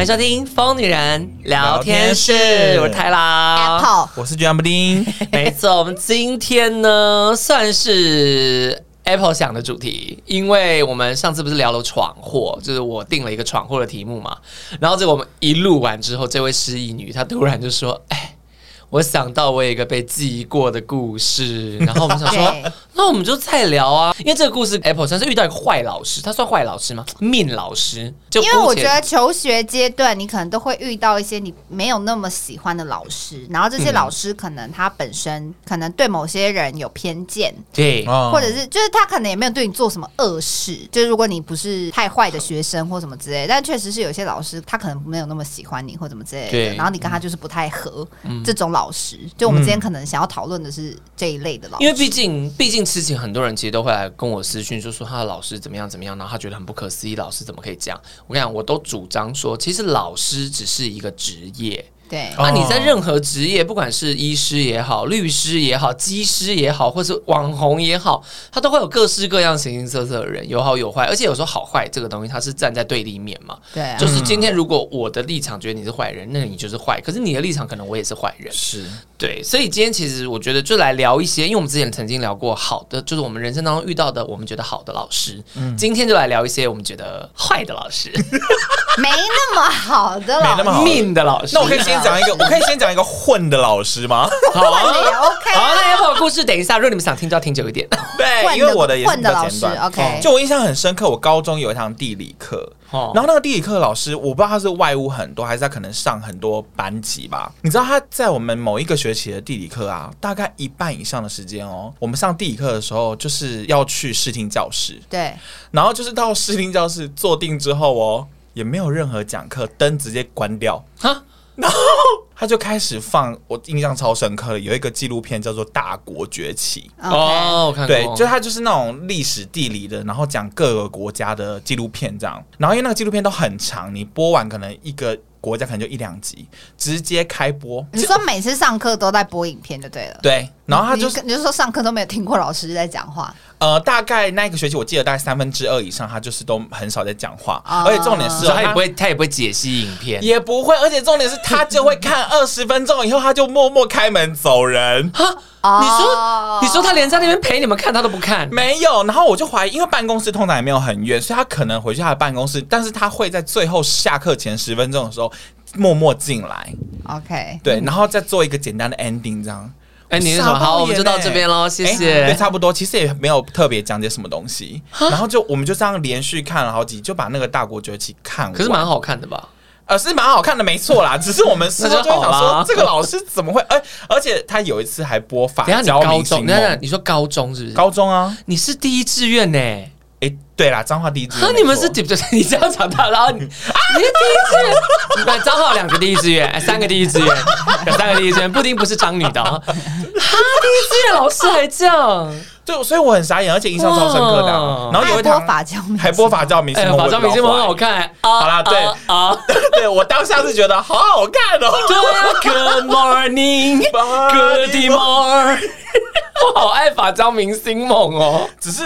歡迎收聽《瘋女人聊天室》天室，我是泰辣，Apple，我是 G 蛋布丁。 沒錯，我們今天呢算是 Apple 想的主題，因為我們上次不是聊了闖禍，就是我定了一個闖禍的題目嘛。然後這個我們一錄完之後，這位失憶女她突然就說：“哎、嗯。”我想到我有一個被記過的故事，然後我想說， 那我們就再聊啊，因為這個故事，Apple 像是遇到一個壞老師，他算壞老師嗎？Mean 老師？就因為我覺得求學階段，你可能都會遇到一些你沒有那麼喜歡的老師，然後這些老師可能他本身、嗯、可能對某些人有偏見，對，或者是就是他可能也沒有對你做什麼惡事，就是如果你不是太壞的學生或什麼之類，但確實是有些老師他可能沒有那麼喜歡你或怎麼之類的對，然後你跟他就是不太合，嗯、這種老。老師，就我們今天可能想要討論的是這一類的老師。嗯、因為畢竟，畢竟，事情很多人其實都會來跟我私訊，就說他的老師怎麼樣怎麼樣，然後他覺得很不可思議，老師怎麼可以這樣？我跟你講，我都主張說，其實老師只是一個職業。對，那、哦啊、你在任何職業，不管是醫師也好、律師也好、技師也好，或是網紅也好，他都會有各式各樣形形色色的人，有好有壞，而且有時候好壞這個東西，他是站在對立面嘛。對、啊，就是今天如果我的立場覺得你是壞人，那你就是壞。可是你的立場可能我也是壞人。是對，所以今天其實我覺得就來聊一些，因為我們之前曾經聊過好的，就是我們人生當中遇到的我們覺得好的老師。嗯，今天就來聊一些我們覺得壞的老師，嗯、 沒那麼好的老師 mean 的老師。那我可以先。講 一個，我可以先講一個混的老師嗎？OK。 好、啊，那一會兒故事等一下。如果你們想聽，就要聽久一點。 對，因為我的也是比較簡短混的老師 OK。就我印象很深刻，我高中有一堂地理課，哦，然後那個地理課老師，我不知道他是外務很多，還是他可能上很多班級吧。嗯、你知道他在我們某一個學期的地理課啊，大概一半以上的時間哦，我們上地理課的時候，就是要去視聽教室。對，然後就是到視聽教室坐定之後哦，也沒有任何講課，燈直接關掉。哈、嗯。然後他就開始放，我印象超深刻的有一個紀錄片叫做《大國崛起》哦、okay，對，看過，就他就是那種歷史地理的，然後講各個國家的紀錄片這樣。然後因為那個紀錄片都很長，你播完可能一個國家可能就一兩集，直接開播。你說每次上課都在播影片就對了。對。然後他就是，你是說上課都沒有聽過老師在講話？呃，大概那一個學期我記得大概三分之二以上，他就是都很少在講話。Uh, 而且重點是、哦，是他也不會他，他也不會解析影片，也不會。而且重點是他就會看二十分鐘以後，他就默默開門走人。 哈，oh, 你說，你說他連在那邊陪你們看他都不看？沒有。然後我就懷疑，因為辦公室通常也沒有很遠，所以他可能回去他的辦公室，但是他會在最後下課前十分鐘的時候默默進來。OK，對，然後再做一個簡單的 ending 這樣。哎、欸，你是好、欸、好，我們就到這邊嘍，謝謝，欸、也差不多，其實也沒有特別講解什麼東西，然後就我們就這樣連續看了好幾，就把那個大國崛起，看了，可是蠻好看的吧？呃，是蠻好看的，沒錯啦， 只是我們事後就想說，這個老師怎麼會？哎、 欸，而且他有一次還播放，等下你高中等下，你說高中是不是？高中啊，你是第一志願呢、欸。哎、欸，對啦，彰化第一志願、啊。你們是幾？你這樣長大然後你啊，你是第一志願。彰化兩個第一志願、欸，三個第一志願，三個第一志願。布丁不是彰女的。哈、啊，第一志願老師還這樣。對，所以我很傻眼，而且印象超深刻的。然後有一堂還播髮膠明星，髮膠明星夢蠻、欸哎、好看、欸。Uh, 好啦對啊、uh, uh, uh.，對，我當下是覺得好好看哦、喔。對、啊、，Good morning，Good morning Good。Morning. Good morning. 我好愛髮膠明星夢哦、喔，只是。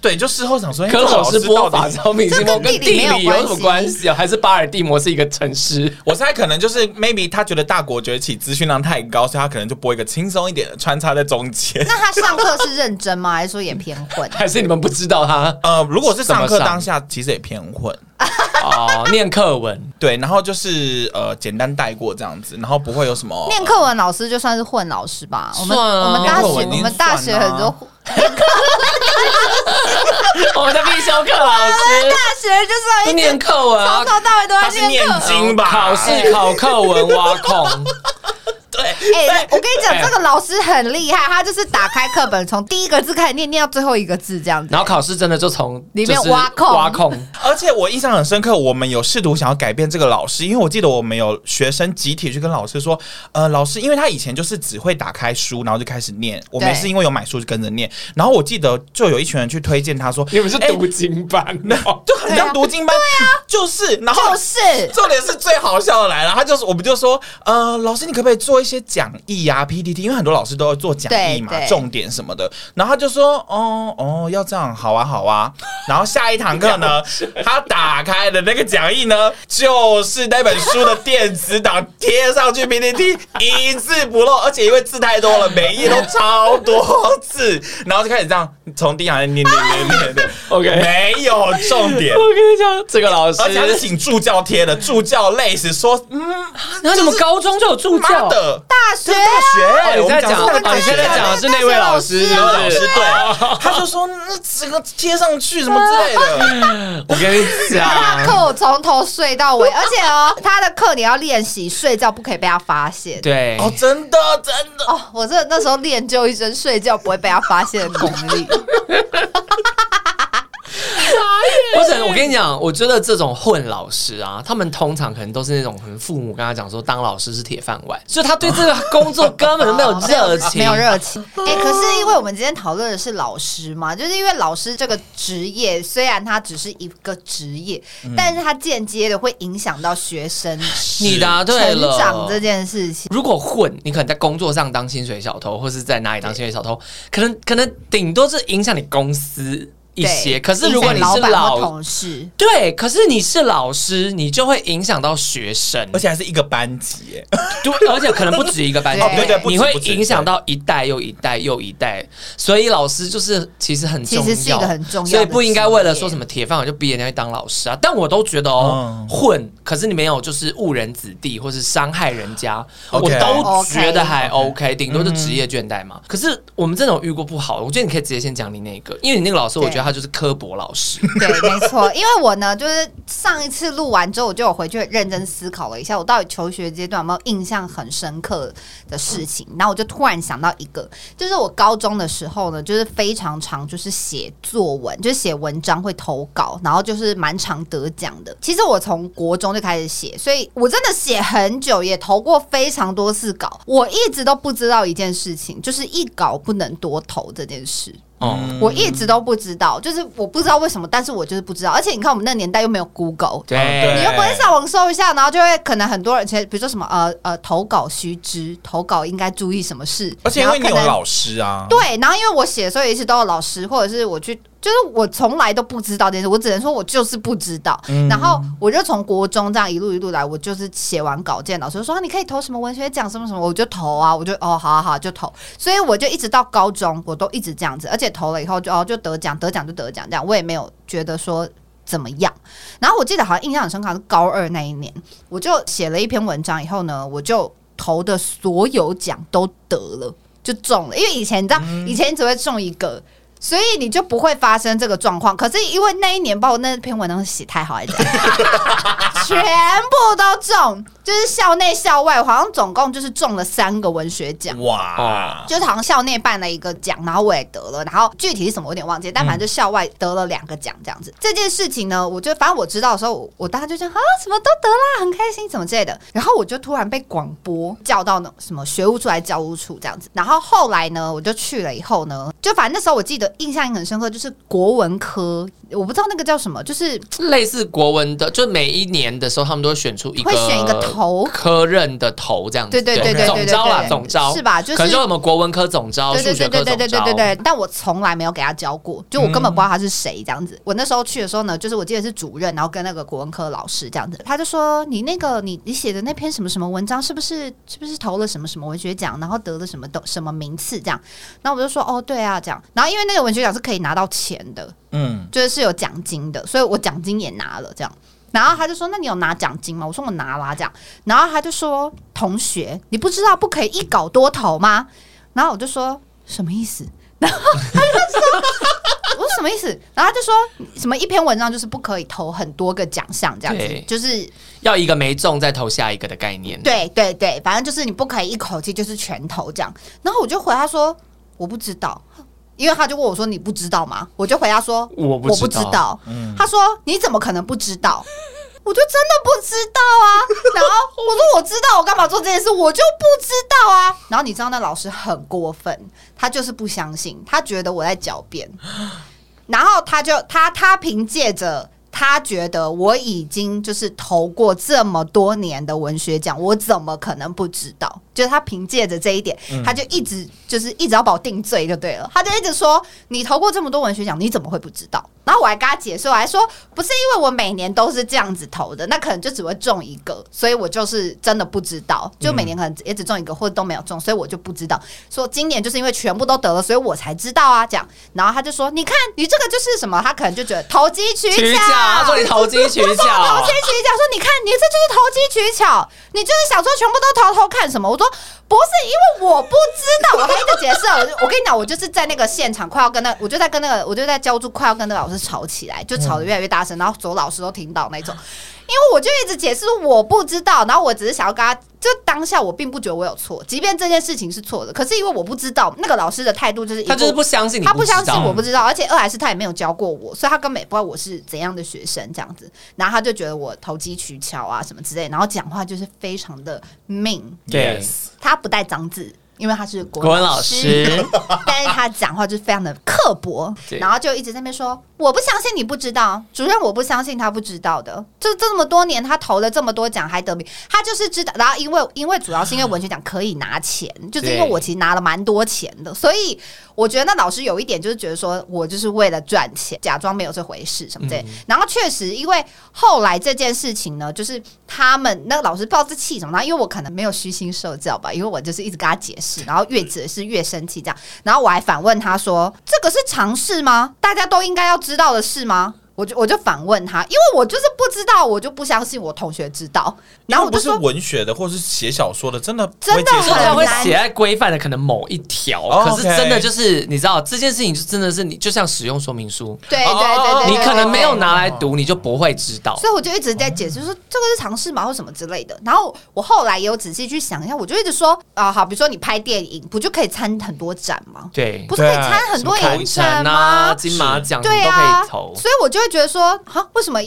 對，就事後想說，跟老師播法招第是跟地理，地理有什麼關係啊？還是巴爾的摩是一個城市？我猜可能就是，maybe 他覺得大國崛起資訊量太高，所以他可能就播一個輕鬆一點的，穿插在中間。那他上課是認真嗎？ 還是說也偏混？ 還是你們不知道他？呃，如果是上課當下，其實也偏混。 哦，念課文，對，然後就是呃，簡單帶過這樣子，然後不會有什麼。念課文，老師就算是混老師吧。啊、我們我們大學，我們大學很多。啊、 我們的必修課老師。我們大學就算一，就念，課、啊、超超一念課文，從頭到尾都在念。念經吧。嗯、考試考課文挖空。 哎、欸，我跟你講，這個老師很厲害，他就是打開課本，從第一個字開始念，念到最後一個字這樣子。然後考試真的就從裡面挖空，就是、挖空。而且我印象很深刻，我們有試圖想要改變這個老師，因為我記得我們有學生集體去跟老師說：“呃，老師，因為他以前就是只會打開書，然後就開始念。我們是因為有買書就跟着念。然後我記得就有一群人去推薦他說你們是讀經班的、欸哦，就很像讀經班，對啊，就是。然後、就是重點是最好笑的來了，他就是我們就說：“呃，老師，你可不可以做一下？”一些講義啊 PPT，因為很多老師都要做講義嘛，重點什麼的。然後他就說，哦哦，要這樣，好啊好啊。然後下一堂課呢，他打開的那個講義呢，就是那本書的電子檔貼上去 PPT， 一字不漏，而且因為字太多了，每頁都超多字，然後就開始這樣從第一行念念念念的。OK， 沒有重點。我跟你講，這個老師而且是請助教貼的， 助教累死，說嗯，怎麼高中就有助教的？大學啊！我、欸哦、在講的，我們現在講的是，啊啊啊、是那位老師，啊、那位老師對，啊老師是是對啊，他就說那這個貼上去什麼之類的。 我跟你講， 他課我從頭睡到尾，而且哦，他的課你要練習睡覺，不可以被他發現。對，哦，真的，真的哦，我這那時候練就一身睡覺不會被他發現的功力。哦 不是，我跟你講，我覺得這種混老師啊，他們通常可能都是那種，可能父母跟他講說當老師是鐵飯碗，所以他對這個工作根本沒有熱情， 哦、沒，有沒有熱情。哎、欸，可是因為我們今天討論的是老師嘛，就是因為老師這個職業雖然他只是一個職業、嗯，但是他間接的會影響到學生你答對了成長這件事情、啊。如果混，你可能在工作上當薪水小偷，或是在哪裡當薪水小偷，可能可能頂多是影響你公司。一些，可是如果你是老、老同事，對，可是你是老師，你就會影響到學生，而且還是一個班級、欸，對，而且可能不止一個班級， 你會影響到一代又一代又一代，所以老師就是其實很重要，其實是一個很重要，所以不應該為了說什麼鐵飯碗就畢業會當老師啊。但我都覺得哦、喔嗯、混，可是你沒有就是誤人子弟或是傷害人家， 我都覺得還 OK，頂、okay, okay. 多是職業倦怠嘛。嗯、可是我們這種遇過不好的，我覺得你可以直接先講你那個，因為你那個老師，我覺得。他就是科博老師， 對，沒錯。因為我呢，就是上一次錄完之後，我就有回去認真思考了一下，我到底求學階段有沒有印象很深刻的事情？然後我就突然想到一個，就是我高中的時候呢，就是非常常就是寫作文，就是寫文章會投稿，然後就是蠻常得獎的。其實我從國中就開始寫，所以我真的寫很久，也投過非常多次稿。我一直都不知道一件事情，就是一稿不能多投這件事。哦、嗯，我一直都不知道，就是我不知道為什麼，但是我就是不知道。而且你看，我們那年代又沒有 Google，對，你又不會上網搜一下，然後就會可能很多人，其實比如說什麼呃呃投稿須知，投稿應該注意什麼事。而且因為你有老師啊，對，然後因為我寫所以，一直都有老師，或者是我去。就是我從來都不知道這件事，我只能說我就是不知道、嗯。然後我就從國中這樣一路一路來，我就是寫完稿件，老師說、啊、你可以投什麼文學獎什麼什麼，我就投啊，我就哦、好、啊、好好、啊、就投。所以我就一直到高中，我都一直這樣子，而且投了以後就哦就得獎，得獎就得獎這樣，我也沒有覺得說怎麼樣。然後我記得好像印象很深刻，好像是高二那一年，我就寫了一篇文章以後呢，我就投的所有獎都得了，就中了，因為以前你知道，嗯、以前只會中一個。所以你就不會發生這個狀況。可是因為那一年把我那篇文章寫太好一點， 全部都中，就是校內校外，好像總共就是中了三個文學獎。哇！就好像校內辦了一個獎，然後我也得了。然後具體是什麼，我有點忘記。但反正就校外得了兩個獎這樣子、嗯。這件事情呢，我就反正我知道的時候，我大家就這樣，啊，什麼都得啦，很開心，什麼之類的。然後我就突然被廣播叫到那什麼學務處還是教務處這樣子。然後後來呢，我就去了以後呢，就反正那時候我記得。印象很深刻，就是國文科，我不知道那個叫什麼，就是類似國文的，就每一年的時候，他們都會選出一個，會選一個頭科任的頭這樣子，對對對對對。招了總召、啊、是吧？就是可能就我們國文科總召，對對對對對對對,對,數學科總召。對對對對對對。但我從來沒有給他教過，就我根本不知道他是誰這樣子、嗯。我那時候去的時候呢，就是我記得是主任，然後跟那個國文科老師這樣子，他就說：“你那個你你寫的那篇什麼什麼文章，是不是是不是投了什麼什麼文學獎，然後得了什麼什麼名次這樣？”然後我就說：“哦，對啊，這樣。”然後因為那個文學獎是可以拿到錢的，嗯，就是是有獎金的，所以我獎金也拿了這樣。然後他就說：“那你有拿獎金嗎？”我說：“我拿了啊。”這樣，然後他就說：“同學，你不知道不可以一稿多投嗎？”然後我就說：“什麼意思？”然後他就說：“ 我說什麼意思？”然後他就說：“什麼一篇文章就是不可以投很多個獎項，這樣子，就是要一個沒中再投下一個的概念。”對對對，反正就是你不可以一口氣就是全投這樣。然後我就回他說：“我不知道。”因為他就問我說：“你不知道嗎？”我就回答說：“我不知道。我不知道。嗯”他說：“你怎麼可能不知道？”我就真的不知道啊！然後我說：“ 我知道，我幹嘛做這件事？我就不知道啊！”然後你知道那老師很過分，他就是不相信，他覺得我在狡辯，然後他就他他憑借着。他覺得我已經就是投過這麼多年的文學獎，我怎麼可能不知道？就是他憑借着這一點，他就一直就是一直要把我定罪就對了。他就一直說：“你投過這麼多文學獎，你怎麼會不知道？”然後我還跟他解釋，我還說：“不是因為我每年都是這樣子投的，那可能就只會中一個，所以我就是真的不知道。就每年可能也只中一個，或者都沒有中，所以我就不知道。說今年就是因為全部都得了，所以我才知道啊。”這樣，然後他就說：“你看，你這個就是什麼？他可能就覺得投機取巧。”啊、他說你投機取巧，投機取巧，說，你看你這就是投機取巧，你就是想說全部都偷偷看什麼？我說。不是因為我不知道，我還一直解釋。我 就我跟你講，我就是在那個現場快要跟那個，我就在跟那個，我就在教住，快要跟那個老師吵起來，就吵得越來越大聲，然後所有老師都聽到那種、嗯。因為我就一直解釋我不知道，然後我只是想要跟他，就當下我並不覺得我有錯，即便這件事情是錯的，可是因為我不知道，那個老師的態度就是他就是不相信你不他不相信我不知道，而且二來是他也沒有教過我，所以他根本不知道我是怎樣的學生這樣子。然後他就覺得我投機取巧啊什麼之類，然後講話就是非常的 mean。Yes，他。他不帶髒字，因為他是國文老師，老師，但是他講話就非常的刻薄， 然後就一直在那邊說。我不相信你不知道，主任，我不相信他不知道的。就這麼多年，他投了這麼多獎，還得名，他就是知道。然後因為因為主要是因為文學獎可以拿錢，就是因為我其實拿了蠻多錢的，所以我覺得那老師有一點就是覺得說我就是為了賺錢，假裝沒有這回事，什麼的。然後確實，因為後來這件事情呢，就是他們那個老師抱着氣，什麼呢？因為我可能沒有虛心受教吧，因為我就是一直跟他解釋，然後越解釋越生氣，這樣。然後我還反問他說：“這個是常識嗎？大家都應該要。”知道的事嗎？我就我就反問他，因為我就是不知道，我就不相信我同學知道。然後我就不是說文學的，或者是寫小說的，真的真的很難寫在規範、就是、的，可能某一條、哦。可是真的就是、哦 okay、你知道這件事情，就真的是你就像使用說明書，對對對，對對對，你可能沒有拿來讀、哦，你就不會知道。所以我就一直在解釋說，這個是嘗試嘛，或什麼之類的。然後我後來也有仔細去想一下，我就一直說啊，好，比如說你拍電影，不就可以參很多展嗎？對，不是可以參很多影展嗎對、啊？金馬獎對啊，所以我就。覺得說，哈，為什麼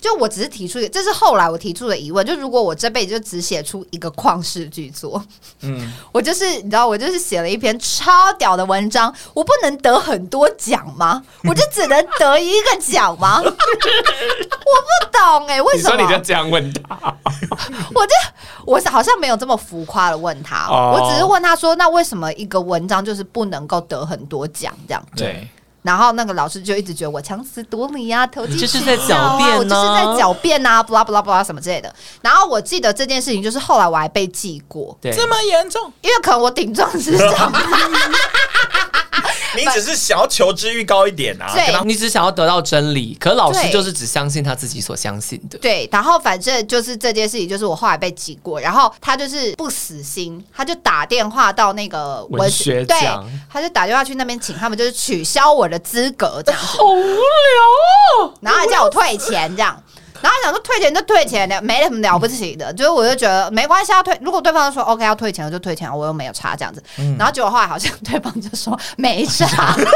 就我只是提出一個，這是後來我提出的疑問。就如果我這輩子就只寫出一個曠世巨作，嗯，我就是你知道，我就是寫了一篇超屌的文章，我不能得很多獎嗎？ 我就只能得一個獎嗎？ 我不懂哎、欸，為什麼你，你就這樣問他？ 我就我好像沒有這麼浮誇的問他，哦，我只是問他說，那為什麼一個文章就是不能夠得很多獎這樣？對。然後那個老師就一直覺得我強詞奪理啊，投機取巧啊，就是在狡辯啊，我就是在狡辯啊，不啦不啦不啦什麼之類的。然後我記得這件事情，就是後來我還被記過，這麼嚴重，因為可能我頂撞是這 你只是想要求知慾高一點啊，對，你只想要得到真理，可老師就是只相信他自己所相信的。對，然後反正就是這件事情，就是我後來被擠過，然後他就是不死心，他就打電話到那個文，文學獎，他就打電話去那邊請他們，就是取消我的資格，這樣。好無聊啊，然後還叫我退錢這樣。然後想說退錢就退錢了，沒什麼了不起的。嗯、就是我就覺得沒關係，要退，如果對方說 OK 要退錢我就退錢，我又沒有差這樣子、嗯。然後結果後來好像對方就說沒差、嗯。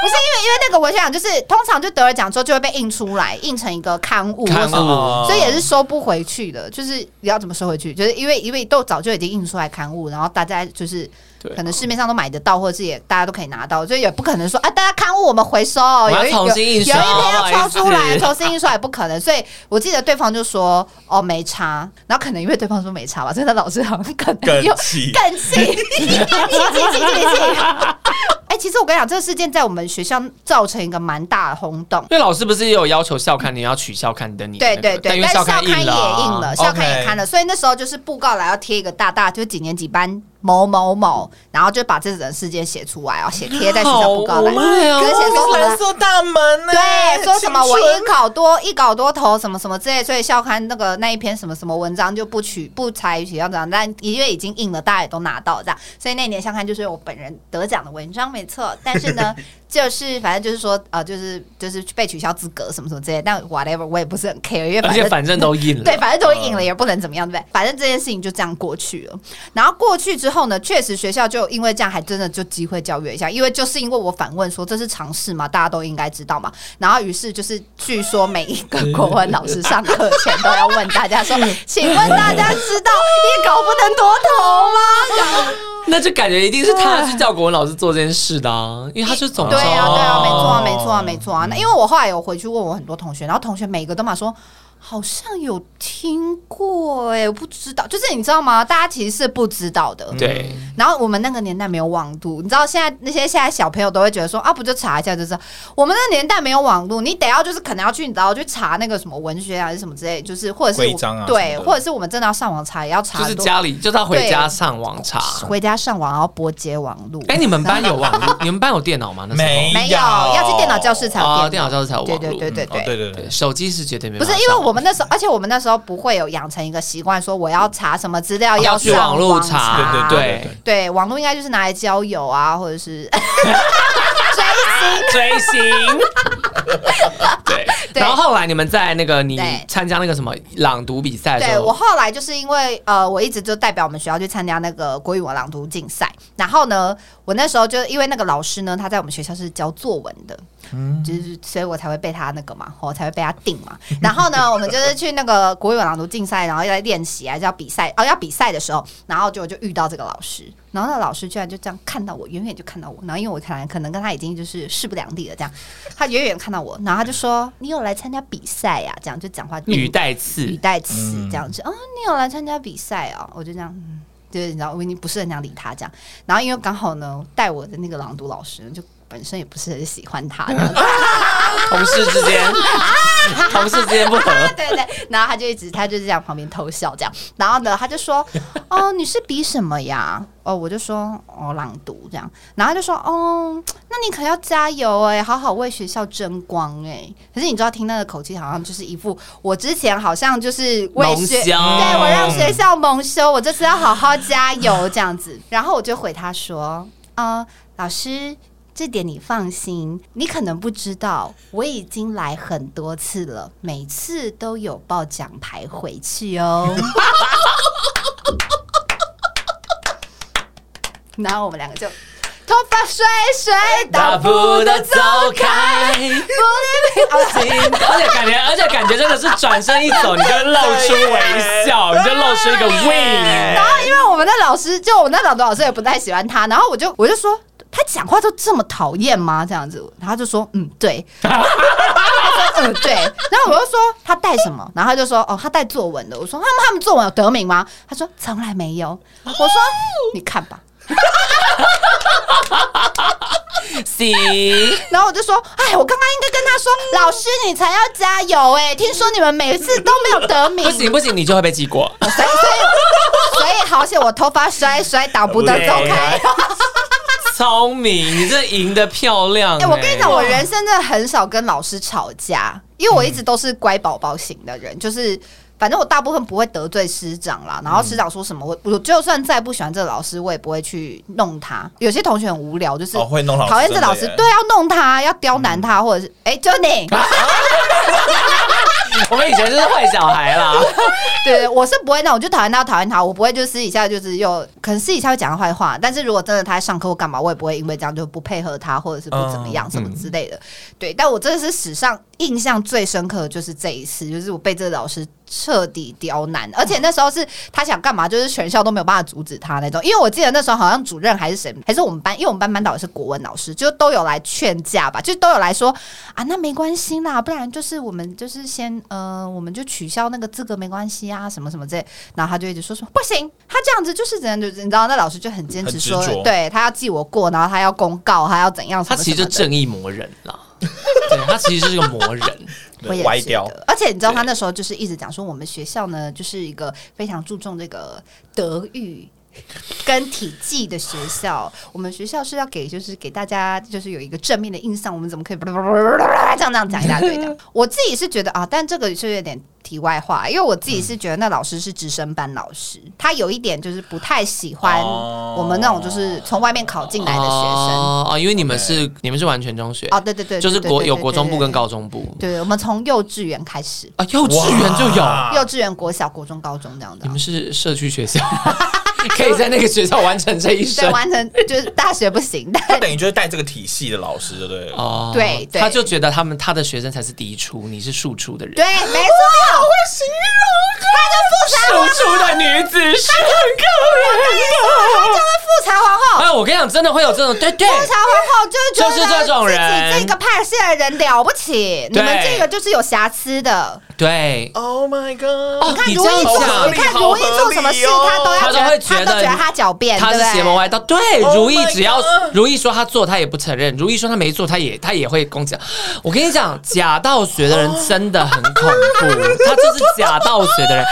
不是因為因為那個文學獎，就是通常就得了獎之後就會被印出來，印成一個刊物什麼、刊物，所以也是收不回去的，就是你要怎麼收回去？就是因為因為都早就已經印出來刊物，然後大家就是、哦、可能市面上都買得到，或者是也大家都可以拿到，所以也不可能說啊，大家刊物我們回收，有有有一天要抽出來重新印出來，不可能。所以我記得對方就說哦，沒差，然後可能因為對方說沒差吧，所以他老師好像更氣氣。其實我跟你講，這個事件在我們學校造成一個蠻大的轟動。因為老師不是也有要求校刊，你要取校刊的你的、那個，對對對，但，因為校、刊印但校刊也印了，okay. 校刊也刊了，所以那時候就是布告欄要貼一個大大，就是幾年幾班。某某某，然後就把這則事件寫出來哦，寫貼在學校布告欄，跟、哦、寫說什麼“大門、欸”對，說什麼“我一稿多一稿多投”什麼什麼之類，所以校刊那個那一篇什麼什麼文章就不取不採取要怎樣，但因為已經印了，大家也都拿到了這樣，所以那年校刊就是我本人得獎的文章沒錯，但是呢， 就是反正就是說呃，就是就是被取消資格什麼什麼之類，但 whatever 我也不是很 care，因為反正，反正都印了，對，反正都印了、呃、也不能怎麼樣對不對？反正這件事情就這樣過去了，然後過去之後。後呢？確實，學校就因為這樣，還真的就機會教育一下。因為就是因為我反問說：“這是常識嘛，大家都應該知道嘛。然後於是就是，據說每一個國文老師上課前都要問大家說：“請問大家知道‘一稿不能多投’嗎？” 那就感覺一定是他去教國文老師做這件事的，啊，因為他是總麼對，對啊，對啊，沒錯，啊，沒錯，啊，沒錯啊。那因為我後來有回去問我很多同學，然後同學每一個都嘛說。好像有聽過哎、欸，我不知道，就是你知道嗎？大家其實是不知道的。對。然後我們那個年代沒有網路，你知道現在那些現在小朋友都會覺得說啊，不就查一下就知道。我們那個年代沒有網路，你得要就是可能要去你知道去查那個什麼文學啊什麼之類，就是或者是、規章啊、對，或者是我們真的要上網查，也要查。就是家裡就是回家上網查，回家上網，家上網然後撥接網路。哎、欸，你們班有網路？ 你，們有網路 你們班有電腦嗎？那時候沒，沒有，要去電腦教室才有。啊，電腦教室才有網路。對對對對對、嗯哦、對對對。對手機是絕對沒有。不是因為我。我們那時候，而且我們那時候不會有養成一個習慣，說我要查什麼資料，嗯、要、啊、去網絡查,查。對對對,對,對，對網絡應該就是拿來交友啊，或者是追星 追星。追星 對，然後後來你們在那個你參加那個什麼朗讀比賽，對,對我後來就是因為呃，我一直就代表我們學校去參加那個國語文朗讀競賽，然後呢，我那時候就因為那個老師呢，他在我們學校是教作文的。 就是，所以我才會被他那個嘛，我、哦、才會被他定嘛。然後呢， 我們就是去那個國語朗讀競賽，然後又來練習啊，就要比賽哦、啊，要比賽的時候，然後就就遇到這個老師，然後那個老師居然就這樣看到我，遠遠就看到我，然後因為我看來可能跟他已經就是勢不兩立了，這樣，他遠遠看到我，然後他就說：“你有來參加比賽呀、啊？”這樣就講話語帶刺，語帶刺這樣子、嗯、啊，你有來參加比賽哦、啊？我就這樣，就是你知道，我已經不是很想理他這樣。然後因為剛好呢，帶我的那個朗讀老師就。本身也不是很喜歡他的 同事之間，啊，同事之間不合。 對對、對，然後他就一直他就是這樣旁邊偷笑這樣，然後呢，他就說 ：“哦，你是比什麼呀？”哦，我就說：“哦，朗讀這樣。”然後就說：“哦，那你可要加油哎、欸，好好為學校爭光哎。”可是你知道，聽他的口氣，好像就是一副我之前好像就是為學，對我讓學校蒙羞，我這次要好好加油這樣子。然後我就回他說：“啊，老師。”這點你放心，你可能不知道，我已經來很多次了，每次都有抱獎牌回去哦。 然後我們兩個就頭髮甩甩大步的，舍不得走開，玻璃表情。 而且感覺，而且感覺真的是轉身一走，你就露出微笑，你就露出一個微笑。然後因為我們的老師，就我們那朗讀老師也不太喜歡他，然後我就我就說。他講話都這麼討厭嗎？這樣子，然後就說，嗯，對 他說，嗯，對。然後我就說他帶什麼，然後他就說，哦，他帶作文的。我說他們他們作文有得名嗎？他說從來沒有。我說 你看吧行 然後我就說，哎，我剛剛應該跟他說，老師，你才要加油哎、欸！聽說你們每次都沒有得名，不行不行，你就會被記過。 所以所以所以好險，謝謝我頭髮摔摔倒不得走開。 聰明，你這贏得漂亮、欸。哎、欸，我跟你講，我人生真的很少跟老師吵架，因為我一直都是乖寶寶型的人，嗯、就是反正我大部分不會得罪師長啦。然後師長說什麼，我、嗯、我就算再不喜歡這個老師，我也不會去弄他。有些同學很無聊，就是、哦、會弄討厭這老師，這個老師，對，要弄他，要刁難他，嗯、或者是哎、欸，就你。啊 我們以前就是壞小孩啦， 對，對，對，我是不會，那我就討厭他，討厭他，我不會就私底下就是又可能私底下會講他壞話，但是如果真的他在上課或幹嘛，我也不會因為這樣就不配合他或者是不怎麼樣、呃、什麼之類的、嗯，對，但我真的是史上印象最深刻的就是這一次，就是我被這個老師。徹底刁難，而且那時候是他想幹嘛，就是全校都沒有辦法阻止他那種。因為我記得那時候好像主任還是誰，還是我們班，因為我們班班導也是國文老師，就都有來勸架吧，就都有來說啊，那沒關係啦，不然就是我們就是先呃，我們就取消那個資格沒關係啊，什麼什麼之類，然後他就一直說說不行，他這樣子就是只能就你知道，那老師就很堅持說了，對，他要記我過，然後他要公告，他要怎樣什麼什麼，他其實就正義魔人了。 對他其實是一個魔人， 我也歪掉。而且你知道，他那時候就是一直講說，我們學校呢就是一個非常注重這個德育，跟體系的學校，我們學校是要給，就是給大家，就是有一個正面的印象。我們怎麼可以噗噗噗噗噗噗噗，這樣這樣講一大堆的？我自己是覺得啊，但這個是有點題外話，因為我自己是覺得那老師是直升班老師，他有一點就是不太喜歡我們那種就是從外面考進來的學生哦、啊啊。因為你們是你們是完全中學啊，對對對，就是國有國中部跟高中部，對，我們從幼稚園開始啊，幼稚園就有、啊、幼稚園、國小、國中、高中這樣的，你們是社區學校。 可以在那個學校完成這一生，完成就是大學不行。 他等於就是帶這個體系的老師對不對？oh, 對，對，他就覺得他們他的學生才是嫡出，你是庶出的人。對，沒錯，我好會形容。哦，他就說庶出的女子是很可憐。富察皇後，哎，我跟你講，真的會有這種對對，富察皇後就是，就是這種人，自己這個派系的人了不起，你們這個就是有瑕疵的。對 oh my, God，Oh my God！你，真的你看如懿好做、哦，你看如懿做什麼事，哦、他都要覺得，他都，會覺得他都覺得他狡辯，他的邪門歪道。對，對、oh，如懿只要如懿說他做，他也不承認；如懿說他沒做，他也他也會攻擊。我跟你講，假道學的人真的很恐怖，oh. 他就是假道學的人。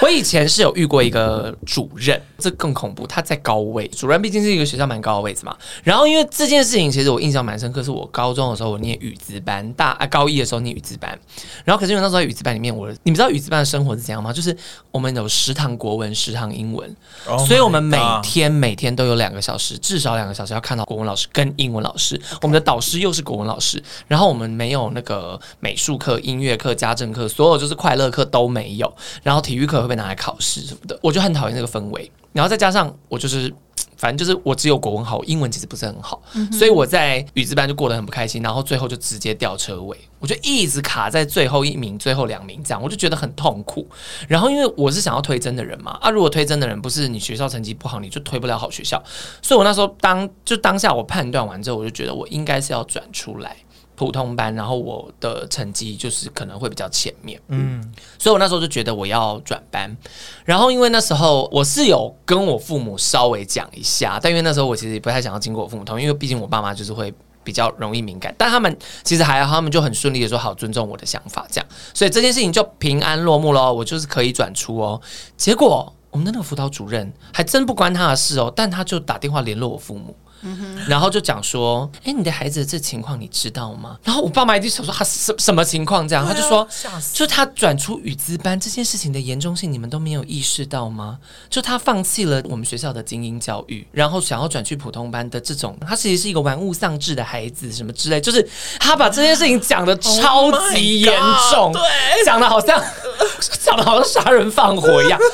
我以前是有遇過一個主任。這更恐怖，他在高位，主任畢竟是一個學校蠻高的位置嘛。然後因為這件事情，其實我印象蠻深刻，是我高中的時候我念語資班，大啊高一的時候念語資班。然後可是因為那時候在語資班裡面，我你不知道語資班的生活是怎樣嗎？就是我們有十堂國文、十堂英文，oh、所以我們每天每天都有兩個小時，至少兩個小時要看到國文老師跟英文老師。我們的導師又是國文老師，然後我們沒有那個美術課、音樂課、家政課，所有就是快樂課都沒有。然後體育課會被拿來考試什麼的，我就很討厭那個氛圍。然後再加上我就是，反正就是我只有國文好，英文其實不是很好，嗯、所以我在語資班就過得很不開心，然後最後就直接吊車尾，我就一直卡在最後一名、最後兩名這樣，我就覺得很痛苦。然後因為我是想要推甄的人嘛，啊，如果推甄的人不是你學校成績不好，你就推不了好學校，所以我那時候當就當下我判斷完之後，我就覺得我應該是要轉出來。普通班，然後我的成績就是可能會比較前面，嗯，所以我那時候就覺得我要轉班，然後因為那時候我是有跟我父母稍微講一下，但因為那時候我其實也不太想要經過我父母同意，因為畢竟我爸媽就是會比較容易敏感，但他們其實還好，他們就很順利的說好，尊重我的想法這樣，所以這件事情就平安落幕了，我就是可以轉出哦。結果我們的那個輔導主任還真不關他的事哦，但他就打電話聯絡我父母。 然後就講說，哎、欸，你的孩子的這情況你知道嗎？然後我爸媽就想說，他什什麼情況這樣？啊、他就說，嚇死，就他轉出語資班這件事情的嚴重性，你們都沒有意識到嗎？就他放棄了我們學校的精英教育，然後想要轉去普通班的這種，他其實是一個玩物喪志的孩子，什麼之類，就是他把這件事情講得超級嚴重，oh、God, 對講得好像 講得好像殺人放火一樣。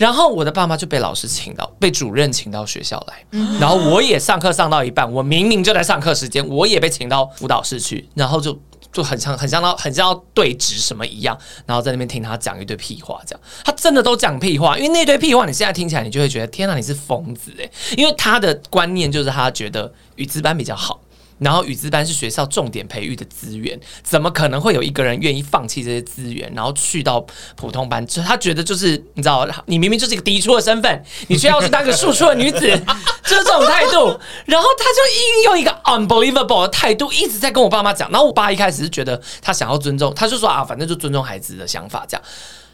然後我的爸媽就被老師請到，被主任請到學校來。然後我也上課上到一半，我明明就在上課時間，我也被請到輔導室去。然後就就很像很像到很像要對質什麼一樣，然後在那邊聽他講一堆屁話，這樣，他真的都講屁話。因為那堆屁話你現在聽起來，你就會覺得天哪，你是瘋子哎、欸！因為他的觀念就是他覺得語資班比較好。然後語資班是學校重點培育的資源，怎麼可能會有一個人願意放棄這些資源，然後去到普通班？就他覺得就是你知道，你明明就是一個嫡出的身份，你卻要去當個庶出的女子， 就是這種態度，然後他就應用一個 unbelievable 的態度一直在跟我爸媽講。然後我爸一開始是覺得他想要尊重，他就說啊，反正就尊重孩子的想法，這樣，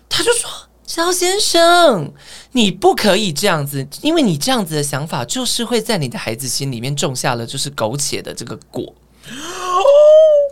他就說。肖先生，你不可以這樣子，因為你這樣子的想法，就是會在你的孩子心裡面種下了就是苟且的這個果。哦。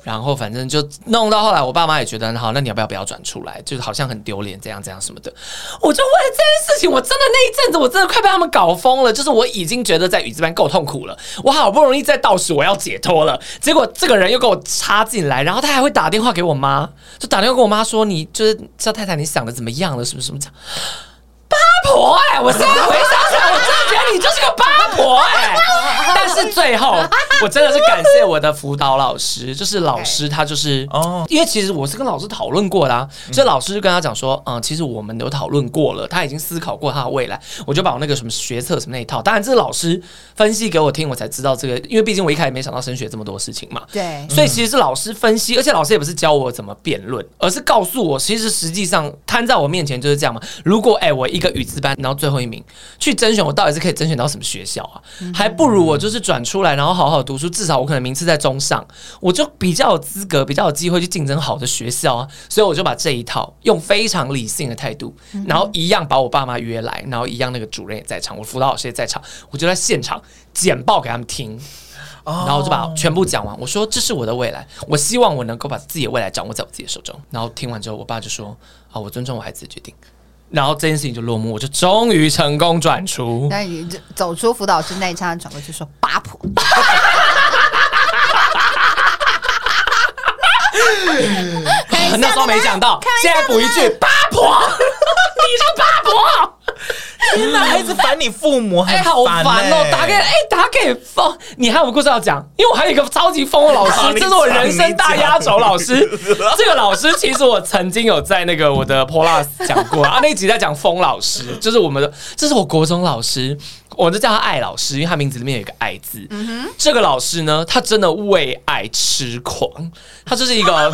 然後反正就弄到後來，我爸媽也覺得好，那你要不要不要轉出來？就是好像很丟臉，這樣這樣什麼的。我就為了這件事情，我真的那一陣子我真的快被他們搞瘋了。就是我已經覺得在語字班夠痛苦了，我好不容易再倒數我要解脫了，結果這個人又給我插進來，然後他還會打電話給我媽，就打電話跟我媽說，你就是肖太太，你想的怎麼樣了？是不是什麼，什麼樣八婆哎、欸，我現在回想起來，我真的覺得你就是個八婆哎、欸。 但是最後，我真的是感謝我的輔導老師，就是老師他就是哦，okay. oh. 因為其實我是跟老師討論過的所、啊、以老師就跟他講說嗯嗯，嗯，其實我們都討論過了，他已經思考過他的未來，我就把我那個什麼學測什麼那一套，當然這是老師分析給我聽，我才知道這個，因為畢竟我一開始沒想到升學這麼多事情嘛。對，所以其實是老師分析，而且老師也不是教我怎麼辯論，而是告訴我，其實實際上攤在我面前就是這樣嘛。如果哎、欸、我。一個語字班，然後最後一名去甄選，我到底是可以甄選到什麼學校啊？嗯、還不如我就是轉出來，然後好好讀書，至少我可能名次在中上，我就比較有資格，比較有機會去競爭好的學校、啊。所以我就把這一套用非常理性的態度、嗯，然後一樣把我爸媽約來，然後一樣那個主任也在場，我輔導老師也在場，我就在現場簡報給他們聽，哦、然後我就把全部講完。我說這是我的未來，我希望我能夠把自己的未來掌握在我自己的手中。然後聽完之後，我爸就說：“啊，我尊重我孩子的決定。”然後這件事情就落幕，我就終於成功轉出。那你走出輔導室那一剎那，轉過去說八婆，八婆、 哦。那時候沒想到，再補一,一句看一看八婆，你是八婆。 天哪，還一直煩你父母，哎、欸欸，好煩哦、喔！打給哎、欸，打給瘋，你還有個故事要講？因為我還有一個超級瘋的老師，這是我人生大壓軸老師。這個老師其實我曾經有在那個我的 Plus 講過， 啊，那一集在講瘋老師，就是我們的，這是我國中老師，我就叫他愛老師，因為他名字裡面有一個愛字。嗯、這個老師呢，他真的為愛痴狂，他就是一個。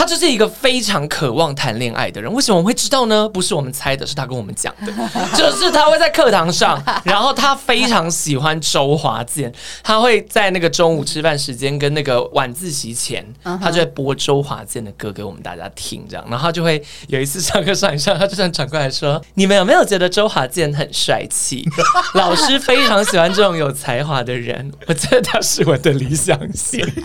他就是一個非常渴望談戀愛的人，為什麼我會知道呢？不是我們猜的，是他跟我們講的， 就是他會在課堂上，然後他非常喜歡周華健，他會在那個中午吃飯時間跟那個晚自習前，他就在播周華健的歌給我們大家聽，這樣，uh -huh. 然後他就會有一次上課上一上，他就這樣轉過來說：“你們有沒有覺得周華健很帥氣？ 老師非常喜歡這種有才華的人， 我覺得他是我的理想型。 ”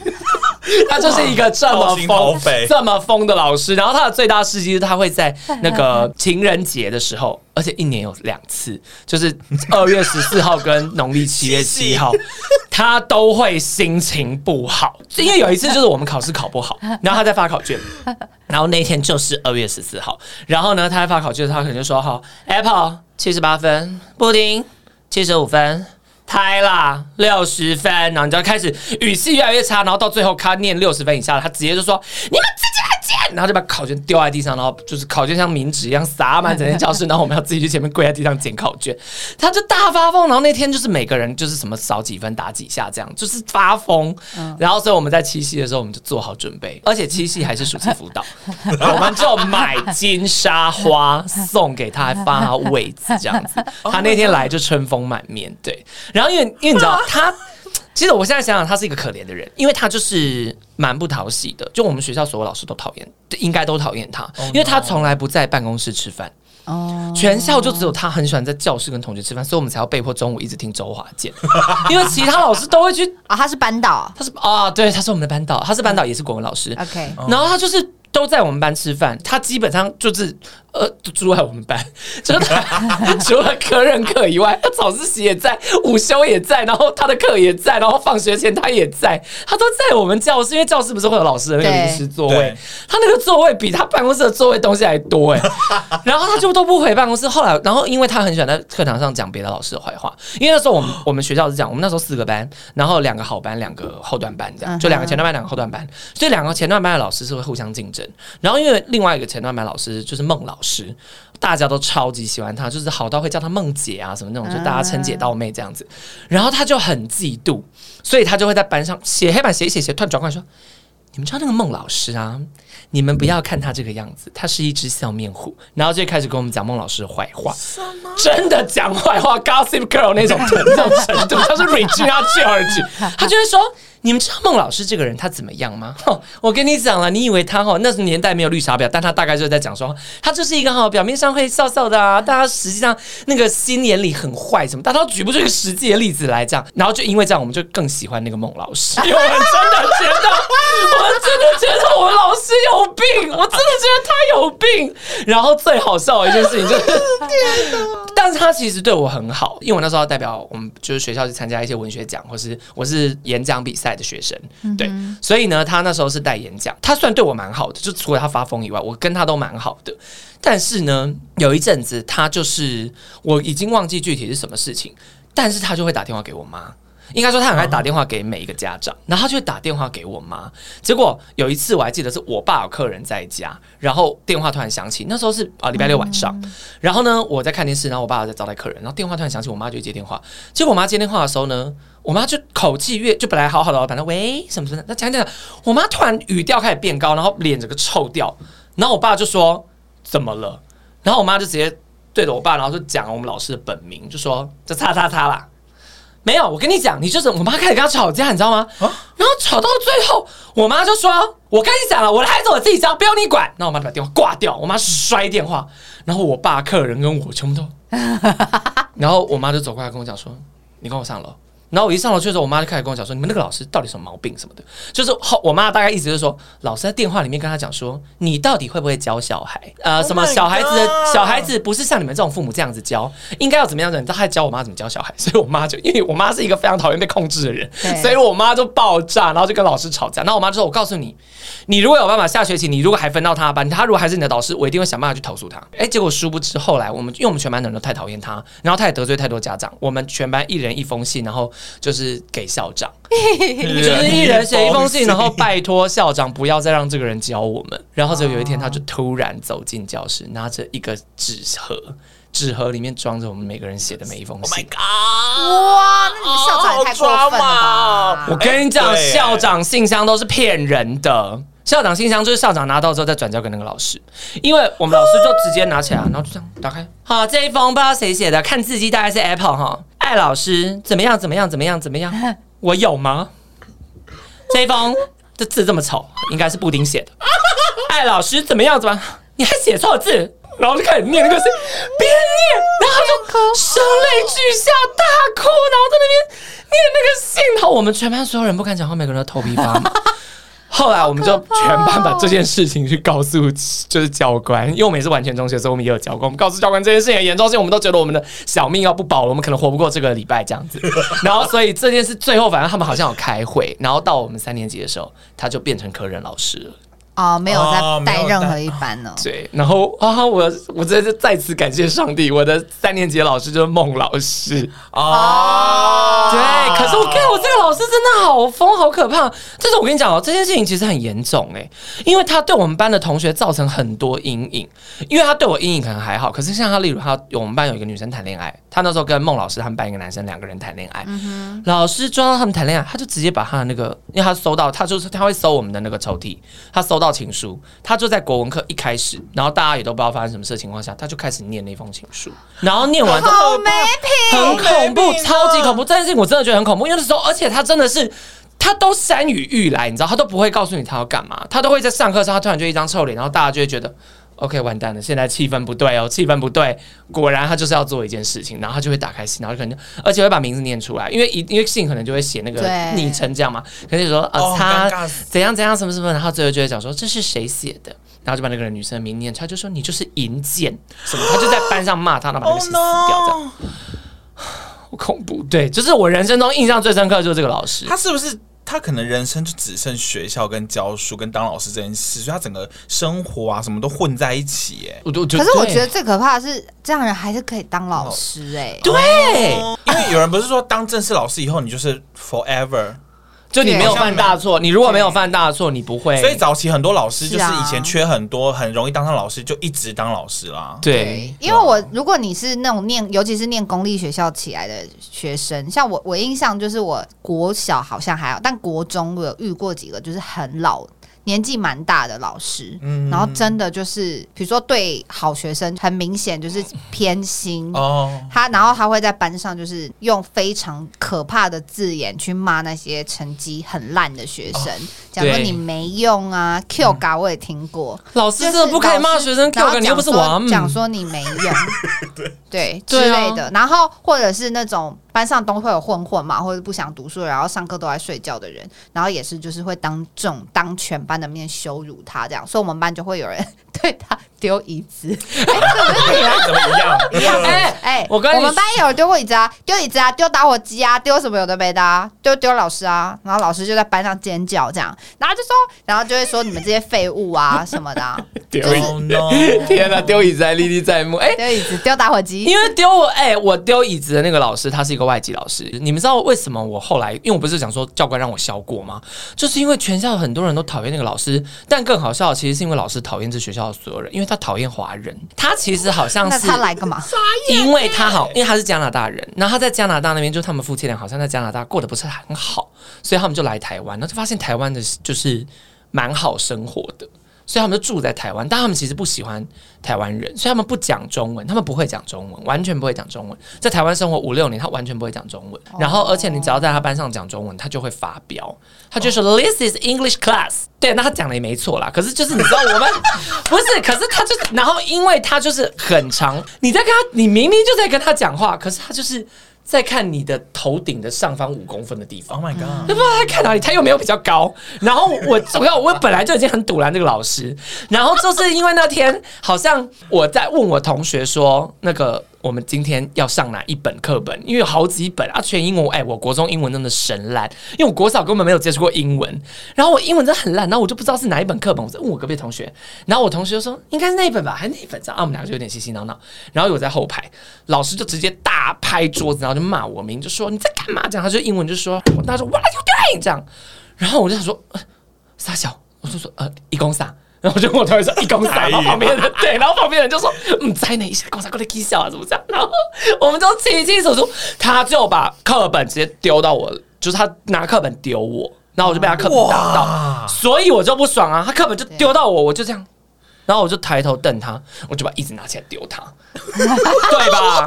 他就是一個這麼瘋、這麼瘋的老師，然後他的最大事蹟是，他會在那個情人節的時候，而且一年有兩次，就是二月十四號跟農曆七月七號，他都會心情不好，因為有一次就是我們考試考不好，然後他在發考卷，然後那天就是二月十四號，然後呢他在發考卷，他可能就說：“哈，Apple 七十八分，布丁七十五分。”泰辣，六十分，然後你就要開始語氣越來越差，然後到最後他念六十分以下，他直接就說：“你們自己。”然後就把考卷丟在地上，然後就是考卷像冥紙一樣撒滿整間教室，然後我們要自己去前面跪在地上撿考卷。他就大發瘋，然後那天就是每個人就是什麼少幾分打幾下，這樣就是發瘋、嗯。然後所以我們在七夕的時候，我們就做好準備，而且七夕還是暑期輔導、嗯，我們就買金沙花送給他，還發位子這樣子。他那天來就春風滿面，對。然後因為因為你知道他。其實我現在想想，他是一個可憐的人，因為他就是蠻不討喜的，就我們學校所有老師都討厭，應該都討厭他，因為他從來不在辦公室吃飯，oh no. 全校就只有他很喜歡在教室跟同學吃飯，oh. 所以我們才要被迫中午一直聽周華健， 因為其他老師都會去啊，oh，他是班導，他是啊，對，他是我們的班導，他是班導也是國文老師，OK，oh. 然後他就是都在我們班吃飯，他基本上就是。呃，都住在我們班，就 除了科任課以外，他早自習也在，午休也在，然後他的課也在，然後放學前他也在，他都在我們教室，因為教室不是會有老師的那個臨時座位，他那個座位比他辦公室的座位東西還多哎、欸， 然後他就都不回辦公室。後來，然後因為他很喜歡在課堂上講別的老師的壞話，因為那時候我們 我們學校是這樣，我們那時候四個班，然後兩個好班，兩個後段班這樣，就兩個前段班，兩個後段班，所以兩個前段班的老師是會互相競爭。然後因為另外一個前段班的老師就是孟老師。時，大家都超級喜歡她，就是好到會叫她孟姐啊什麼那種，就大家稱姐道妹這樣子。嗯、然後她就很嫉妒，所以她就會在班上寫黑板寫，寫寫寫，突然轉過來說：“你們知道那個孟老師啊？你們不要看他這個樣子，他是一隻笑面虎。嗯”然後就開始跟我們講孟老師的壞話，真的講壞話 Gossip Girl 那種， 那種程度，他是 Regina George，他就會說。你們知道孟老師這個人他怎麼樣嗎？哼，我跟你講了，你以為他哈，那是年代沒有綠茶婊，但他大概就是在講說，他就是一個哈，表面上會笑笑的啊，但他實際上那個心眼裡很壞，什麼？但他舉不出一個實際的例子來講，然後就因為這樣，我們就更喜歡那個孟老師。我 們真的，我真的覺得我們老師有病，我真的覺得他有病。然後最好笑的一件事情就是， 天但是他其實對我很好，因為我那時候代表我們就是學校去參加一些文學獎，或是我是演講比賽的學生，嗯，對，所以呢，他那時候是帶演講，他算對我蠻好的，就除了他發瘋以外，我跟他都蠻好的。但是呢，有一陣子他就是我已經忘記具體是什麼事情，但是他就會打電話給我媽。應該說他很愛打電話給每一個家長，uh -huh. 然後他就會打電話給我媽。結果有一次我還記得是我爸有客人在家，然後電話突然響起。那時候是啊禮拜六晚上，uh -huh. 然後呢我在看電視，然後我爸爸在招待客人，然後電話突然響起，我媽就接電話。結果我媽接電話的時候呢，我媽就口氣越就本來好好的，反正喂什麼什麼，那講講講。我媽突然語調開始變高，然後臉整個臭掉，然後我爸就說怎麼了？然後我媽就直接對着我爸，然後就講我們老師的本名，就說就叉叉叉啦。沒有，我跟你講，你就是我媽開始跟她吵架，你知道嗎、啊？然後吵到最後，我媽就說：“我跟你講了，我的孩子我自己教，不用你管。”那我媽就把電話掛掉，我媽摔電話，然後我爸、客人跟我全部都， 然後我媽就走過來跟我講說：“你跟我上樓。”然後我一上樓去的時候，我媽就開始跟我講說：“你們那個老師到底什麼毛病什麼的？”就是後，我媽大概意思就是說，老師在電話裡面跟他講說：“你到底會不會教小孩？呃，oh、什麼小孩子小孩子不是像你們這種父母這樣子教，應該要怎麼樣子？”他還教我媽怎麼教小孩，所以我媽就因為我媽是一個非常討厭被控制的人，所以我媽就爆炸，然後就跟老師吵架。然後我媽就說：“我告訴你，你如果有辦法，下學期你如果還分到他的班，他如果還是你的老師，我一定會想辦法去投訴他。”哎，結果殊不知，後來我們因為我們全班的人都太討厭他，然後他也得罪太多家長，我們全班一人一封信，然後。就是給校長，就是一人寫一封信，然後拜託校長不要再讓這個人教我們。然後就有一天，他就突然走進教室，拿着一個紙盒，紙盒裡面裝着我們每個人寫的每一封信。Oh my God！哇、哦，那你們校長也太過分了吧。哦，好抓嘛。我跟你講，校長信箱都是騙人的。欸欸、校長信箱就是校長拿到之後再轉交給那個老師，因為我們老師就直接拿起來， 然後就這樣打開。好，這一封不知道誰寫的，看字跡大概是 Apple 哈。艾老師怎麼樣？怎麼樣？怎麼樣？怎麼樣？我有嗎？這一封這字這麼醜，應該是布丁寫的。 艾老師怎麼樣？怎麼樣？你還寫錯字？然後就開始念那個字，別念。然後就聲淚俱下大哭。然後在那邊念那個信號，然後我們全班所有人不敢講話，每個人都頭皮發麻。 後來我們就全班把這件事情去告訴，就是教官，因為我們也是完全中學，所以我們也有教官，我們告訴教官這件事情的嚴重性，我們都覺得我們的小命要不保了，我們可能活不過這個禮拜這樣子。然後所以這件事最後反正他們好像有開會，然後到我們三年級的時候，他就變成科任老師了。哦、oh,，沒有再帶任何一班了，oh,。對，然後啊，我我真是再次感謝上帝，我的三年級老師就是孟老師哦。啊 oh. 對，可是我，OK, 看我這個老師真的好瘋，好可怕。就是我跟你講哦，這件事情其實很嚴重哎、欸，因為他對我們班的同學造成很多陰影，因為他對我陰影可能還好，可是像他，例如他我們班有一個女生談戀愛，他那時候跟孟老師他們班一個男生兩個人談戀愛，mm -hmm. 老師抓到他們談戀愛，他就直接把他的那個，因為他搜到，他就是他會搜我們的那個抽屜，他搜到。情書，他就在國文課一開始，然後大家也都不知道發生什麼事的情況下，他就開始念那封情書，然後念完之後很恐怖，很恐怖，超級恐怖，這件事情我真的覺得很恐怖。因為那時候，而且他真的是，他都山雨欲來，你知道，他都不會告訴你他要幹嘛，他都會在上課上，他突然就一張臭臉，然後大家就會覺得。OK，完蛋了！現在氣氛不對哦，氣氛不對。果然他就是要做一件事情，然後他就會打開信，然後可能就，而且會把名字念出來，因為一因為信可能就會寫那個昵稱這樣嘛。可能就說啊，他、oh, 呃、怎樣怎樣什麼什麼，然後最後就會講說這是誰寫的，然後就把那個人女生的名念出來，就說你就是淫賤什麼，他就在班上罵他，然後把那個信撕掉，這樣、oh, no. 好恐怖。對，就是我人生中印象最深刻的就是這個老師，他是不是？他可能人生就只剩學校跟教書跟當老師這件事，所以他整個生活啊什麼都混在一起。哎，我覺得，可是我覺得最可怕的是這樣人還是可以當老師誒、欸 oh. oh. 對，因為有人不是說當正式老師以後你就是 forever。就你沒有犯大錯，你如果沒有犯大錯，你不會。所以早期很多老師就是以前缺很多，啊、很容易當上老師，就一直當老師啦對。對，因為我如果你是那種念，尤其是念公立學校起來的學生，像我，我印象就是我國小好像還好，但國中我有遇過幾個就是很老的。年紀蠻大的老師，嗯，然後真的就是，比如說對好學生很明顯就是偏心。哦，他然後他會在班上就是用非常可怕的字眼去罵那些成績很爛的學生，講、哦、說你沒用啊，Q 嘎、嗯、我也聽過。老師是不可以罵學生 Q 嘎，你、就、不是王八嗎？講說、嗯、說你沒用， 對對、對、啊、之類的，然後或者是那種。班上都會有混混嘛，或者不想讀書，然後上課都在睡覺的人，然後也是就是會當眾當全班的面羞辱他，這樣，所以我們班就會有人 對他。丟椅子，哎、欸，怎、這、麼、個、怎麼樣？哎、 欸欸，我剛剛我們班有丟過椅子啊，丟椅子啊，丟打火機啊，丟什麼有的沒的、啊，丟丟老師啊，然後老師就在班上尖叫這樣，然後就說，然後就會說你們這些廢物啊什麼的、 就是，丟椅子，天哪，丟椅子還歷歷在目，哎、欸，丟椅子，丟打火機，因為丟我，哎、欸，我丟椅子的那個老師他是一個外籍老師，你們知道為什麼我後來因為我不是講說教官讓我笑過嗎？就是因為全校很多人都討厭那個老師，但更好笑的其實是因為老師討厭這學校的所有人，因為。他討厭華人，他其實好像是他來幹嘛？因為他好，因為他是加拿大人，然後他在加拿大那邊，就他們夫妻倆好像在加拿大過得不是很好，所以他們就來台灣，然後就發現台灣的就是蠻好生活的。所以他們就住在台灣，但他們其實不喜歡台灣人，所以他們不講中文，他們不會講中文，完全不會講中文。在台灣生活五六年，他完全不會講中文。Oh. 然後，而且你只要在他班上講中文，他就會發飆，他就說、oh.：“This is English class。”對，那他講的也沒錯啦。可是就是你知道，我們 不是，可是他就是、然後，因為他就是很長，你在跟他，你明明就在跟他講話，可是他就是。再看你的頭頂的上方五公分的地方。Oh my god！他、嗯、不知道他看哪裡，他又沒有比較高。然後我主要 我本來就已經很賭爛這個老師，然後就是因為那天 好像我在問我同學說那個。我們今天要上哪一本課本？因為有好幾本啊，全英文。哎、欸，我國中英文真的神爛，因為我國小根本沒有接觸過英文，然後我英文真的很爛，然後我就不知道是哪一本課本，我就問我隔壁同學，然後我同學就說應該是那一本吧，還是那一本？這樣。啊，我們兩個就有點嘻嘻鬧鬧。然後我在後排，老師就直接大拍桌子，然後就罵我名，就說你在幹嘛？這樣，他就英文就說他說 what are you doing？這樣，然後我就想說呃、三小，我就說，說呃，一公三。然後我就跟我同學說一公仔，旁邊人對，然後旁邊人就說嗯，在難一下光殺過來譏小啊，怎麼這樣？然後我們就清清楚楚，他就把課本直接丟到我，就是他拿課本丟我，然後我就被他課本打到，所以我就不爽啊。他課本就丟到我，我就這樣，然後我就抬頭瞪他，我就把椅子拿起來丟他， 對吧？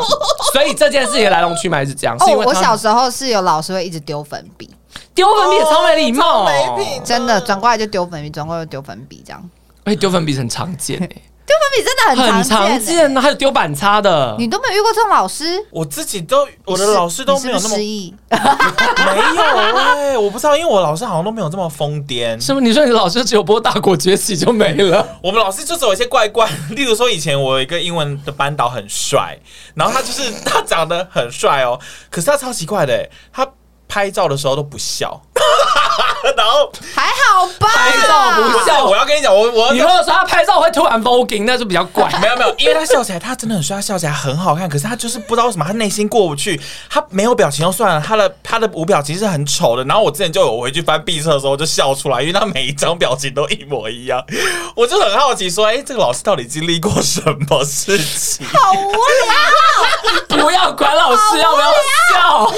所以這件事情的來龍去脈是這樣。哦，我小時候是有老師會一直丟粉筆，丟粉筆也超沒禮貌、哦，超沒禮貌，真的。轉過來就丟粉筆，轉過來就丟粉筆，這樣。丟、欸、粉筆很常見、欸，哎，丟粉筆真的很常見、欸、很常見、欸，還有丟板擦的，你都沒有遇過這種老師？我自己都，我的老師都沒有那麼是是失憶、哦，沒有哎、欸，我不知道，因為我老師好像都沒有這麼瘋癲。是不是你說你老師只有播《大國崛起》就沒了？ 我們老師就只有，有一些怪怪，例如說，以前我一個英文的班導很帥，然後他就是他長得很帥哦、喔，可是他超奇怪的、欸，他拍照的時候都不笑。 還好吧，拍照不笑。我，我要跟你講，我我女朋友說她拍照會突然 voguing，那就比較怪。 沒有沒有，因為他笑起來，他真的很帥，他笑起來很好看。可是他就是不知道為什麼，他內心過不去，他沒有表情就算了，他的他的無表情是很醜的。然後我之前就有回去翻畢業冊的時候就笑出來，因為他每一張表情都一模一樣。我就很好奇說，說、欸、哎，這個老師到底經歷過什麼事情？好無聊，不要管老師 要不要笑。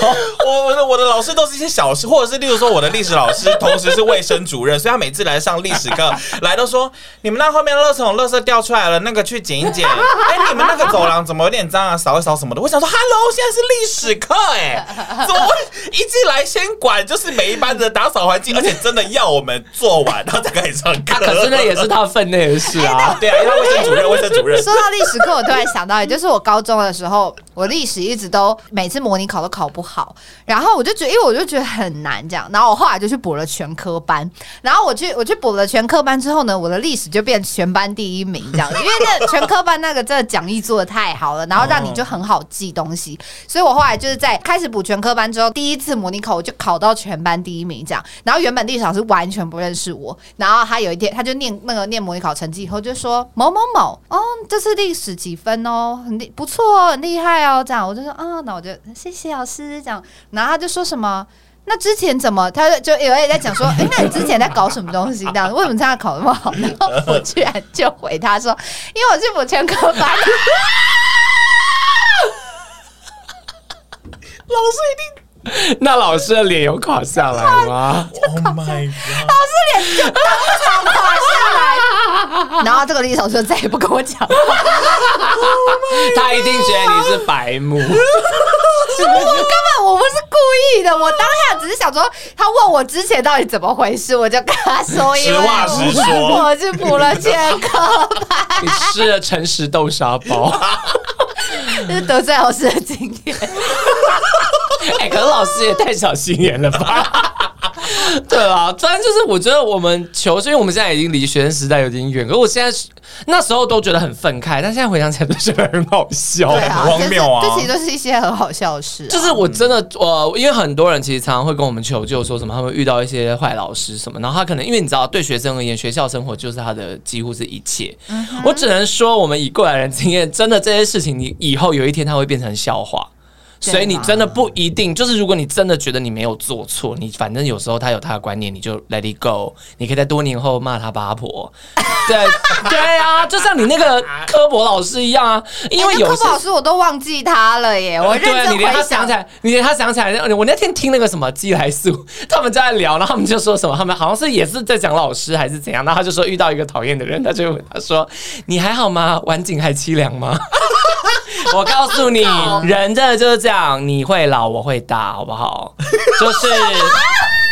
我我的我的老師都是一些小事，或者是例如說我的歷史老師。 同時是衛生主任，所以他每次來上歷史課，來都說：“你們那後面垃圾桶垃圾掉出來了，那個去撿一撿。 ”哎、欸，你們那個走廊怎麼有點髒啊？掃一掃什麼的。我想說，Hello，現在是歷史課，哎，怎麼一進來先管就是每一班的打掃環境，而且真的要我們做完， 然後他才可以上課。可是那也是他分內的事啊，欸。對啊，因為他衛生主任，衛 生主任。說到歷史課，我突然想到，也就是我高中的時候。我歷史一直都每次模擬考都考不好，然後我就覺得，因為我就覺得很難這樣。然後我後來就去補了全科班，然後我去我去補了全科班之後呢，我的歷史就變全班第一名這樣。因為那全科班那個真的講義做得太好了，然後讓你就很好記東西。所以我後來就是在開始補全科班之後，第一次模擬考我就考到全班第一名這樣。然後原本歷史老師完全不認識我，然後他有一天他就念那個念模擬考成績以後就說，某某某哦，這次歷史幾分哦，很厲不錯哦，很厲害哦。啊，這樣我就說啊，哦，那我就謝謝老師。這樣，然後他就說什麼？那之前怎麼？他就有也也在講說，哎， 那你之前在搞什麼東西？這樣，為什麼現在考那麼好？然後我居然就回他說，因為我是補全科班。 老師，一定。那老師的臉有垮下來嗎下？Oh my god！老師臉當場垮下來， 然後這個歷史就再也不跟我講、 oh、他一定覺得你是白目。什 根本我不是故意的，我當下只是想說，他問我之前到底怎麼回事，我就跟他說，因為我是補了健康 你吃了誠實豆沙包。這 是得罪老師的經驗。 哎、欸，可是老師也太小心眼了吧？ 對啊，當然就是我覺得我們求，是因為我們現在已經離學生時代有點遠。可我現在那時候都覺得很憤慨，但現在回想起來都覺得很好笑，對啊，很荒謬啊！這其實都是一些很好笑的事，啊。就是我真的，我因為很多人其實常常會跟我們求救，說什麼他會遇到一些壞老師什麼，然後他可能因為你知道，對學生而言，學校生活就是他的幾乎是一切。嗯、我只能說，我們以過來人經驗，真的這些事情，你以後有一天他會變成笑話。所以你真的不一定，就是如果你真的覺得你沒有做錯，你反正有時候他有他的觀念，你就 let it go。你可以在多年後罵他八婆。 對 對啊，就像你那個科博老師一樣啊，因為有、欸、科博老師我都忘記他了耶，我認真回想、嗯對啊、你連他想起來，你連他想起來，我那天聽那個什麼寄來素，他們就在聊，然後他們就說什麼，他們好像是也是在講老師還是怎樣，然後他就說遇到一個討厭的人，他就他說你還好嗎？晚景還淒涼嗎？ 我告訴你，oh、人真的就是這樣。你會老，我會大，好不好？ 就是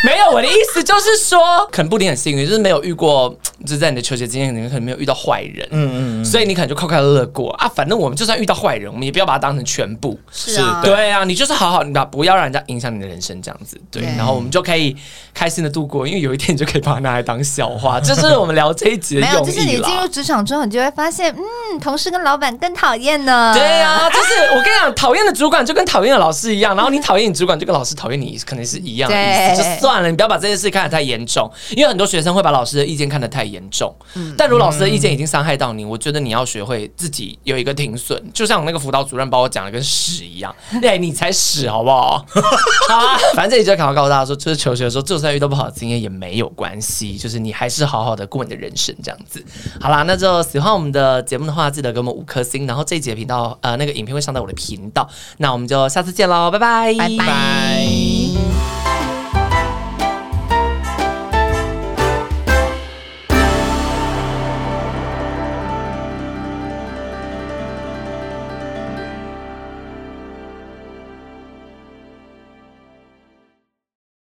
沒有我的意思，就是說可能布丁很幸運，就是沒有遇過。就是在你的求學經驗裡面可能沒有遇到壞人，嗯，嗯嗯，所以你可能就快快樂樂過啊。反正我們就算遇到壞人，我們也不要把它當成全部，是、啊，對啊，你就是好好，你不要讓人家影響你的人生這樣子，對，對。然後我們就可以開心的度過，因為有一天你就可以把它拿來當笑話。就是我們聊這一集的用意了。 沒有，就是你進入職場之後，你就會發現，嗯，同事跟老闆更討厭呢。對呀、啊，就是、啊、我跟你講，討厭的主管就跟討厭的老師一樣，然後你討厭你主管就跟老師討厭你，可能是一樣的意思對。就算了，你不要把這件事看得太嚴重，因為很多學生會把老師的意見看得太。嚴重，但盧老師的意見已經傷害到你，嗯，我覺得你要學會自己有一個停損，就像我那個輔導主任把我講的跟屎一樣，對、欸、你才屎好不好？ 好、啊、反正這一集剛好告訴大家說，就是求學的時候就算遇到不好的經驗也沒有關係，就是你還是好好的過你的人生這樣子。好啦，那就喜歡我們的節目的話，記得給我們五顆星，然後這一集頻道呃那個影片會上到我的頻道，那我們就下次見嘍，拜拜拜拜。